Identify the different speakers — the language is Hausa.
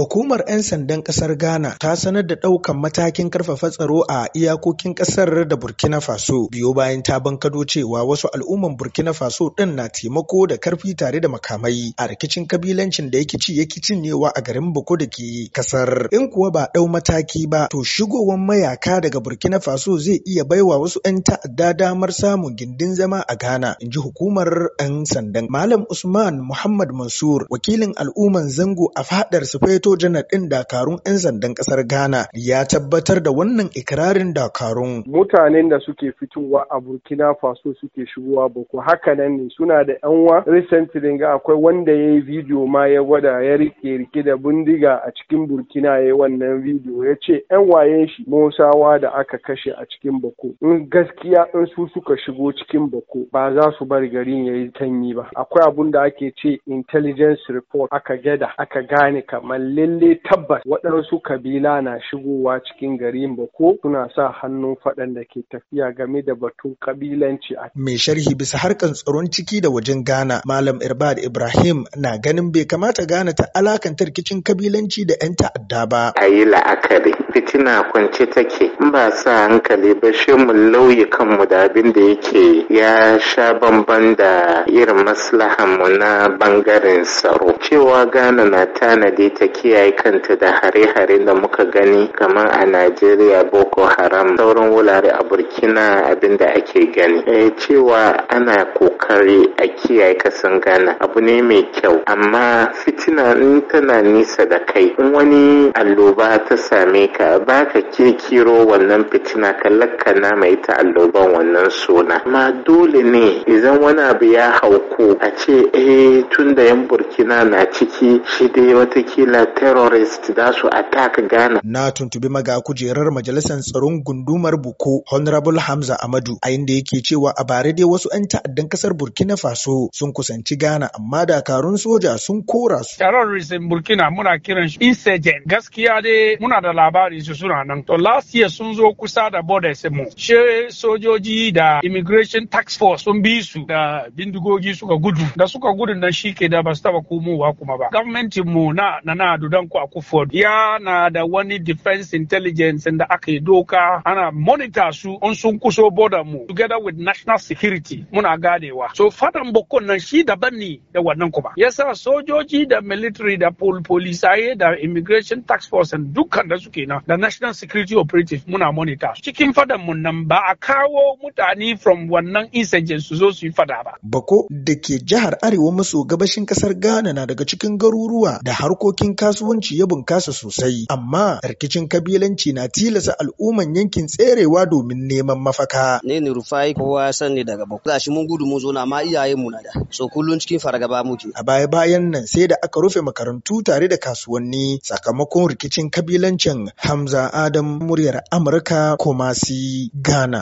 Speaker 1: Hukumar 'yan sandan ƙasar Ghana ta sanar da ɗaukan matakin karfafa tsaro a iyakokin ƙasar da Burkina Faso biyo bayan ta bankado cewa wasu al'umman Burkina Faso ɗin na taimako da karfi tare da makamai a rikicin kabilancin da yake ci yake cinyewa a garin Boko da ke ƙasar. In kuwa ba ɗau mataki ba to shigowar mayaka daga Burkina Faso zai iya baiwa wasu 'yan ta'adda damar samun gindin zama a Ghana in ji hukumar 'yan sandan. Malam Usman Muhammad Mansur wakilin al'umman zango a fadar Sufeto sojana ɗin Dakarun 'yan sandan ƙasar Ghana ya tabbatar da wannan ikirarin Dakarun.
Speaker 2: Mutanen da suke fitowa a Burkina Faso suke shigowa boko haka nan ne suna da wa recently ga akwai wanda ya yi bidiyo ma ya gwada ya rike rike da bindiga a cikin Burkina ya yi wannan bidiyo ya ce yan wayen shi Musawa da aka kashe a cikin bako in gaskiya in su suka shigo cikin bako ba za su bar garin ya yi tanyi ba akwai abun da ake ce intelligence report aka gada aka gane kamar lalle tabbas waɗansu kabila na shigowa cikin garin ko suna sa hannun faɗan da ke tafiya game da batun kabilanci a.
Speaker 1: Mai sharhi bisa harkan tsaron ciki da wajen Ghana, Malam Irbad Ibrahim na ganin bai kamata Ghana ta alakanta rikicin kabilanci da 'yan ta'adda ba.
Speaker 3: A yi la'akari fitina kwance take in ba sa hankali ba shi mu lauye kanmu da abin da yake ya sha bamban da irin maslahanmu na bangaren tsaro cewa ghana na tanadi ta kiyaye kanta da hare-hare da muka gani kamar a najeriya boko haram sauran wulare a burkina abin da ake gani e, cewa ana kokari a kiyaye kasan ghana abu ne mai kyau amma fitina in tana nisa da kai in wani alloba ta same ka ka ba ka kirkiro wannan fitina ka na mai ta'alluban wannan suna ma dole ne idan wani abu ya hauku a ce eh tun da yan burkina na ciki shi dai watakila terrorist za su attack ghana
Speaker 1: na tuntubi maga kujerar majalisar tsaron gundumar buko honorable hamza amadu a inda yake cewa a bare dai wasu 'yan ta'addan kasar burkina faso sun kusanci gana amma dakarun soja sun kora su
Speaker 4: terrorism burkina muna kiran shi insurgent gaskiya dai muna da labari labarin su suna nan to last year sun zo kusa da sai mu she sojoji da immigration tax force sun bi su da bindigogi suka gudu da suka gudu nan ke da ba su taba komowa kuma ba gwamnatin mu na na na dudan ku a kufod ya na da wani defense intelligence da aka yi doka ana monitor su on sun kuso border mu together with national security muna gadewa so fadan bokon nan shi daban ne da wannan kuma yasa sojoji da military da police da immigration tax force dukkan da suke nan da national security operative muna monitor cikin fadan mun nan ba a kawo mutane from wannan insurgents su zo su yi fada ba bako da ke
Speaker 1: jihar arewa maso gabashin kasar ghana na daga cikin garuruwa da harkokin kasuwanci ya bunkasa sosai amma rikicin kabilanci na tilasa al'umman yankin tserewa domin
Speaker 4: neman mafaka ne ne rufai kowa sanni daga bako shi mun gudu mun zo na ma mu na da so kullun cikin fargaba muke a
Speaker 1: baya bayan nan sai da aka rufe makarantu tare da kasuwanni sakamakon rikicin kabilancin Hamza Adam muryar Amurka, Kumasi, Ghana.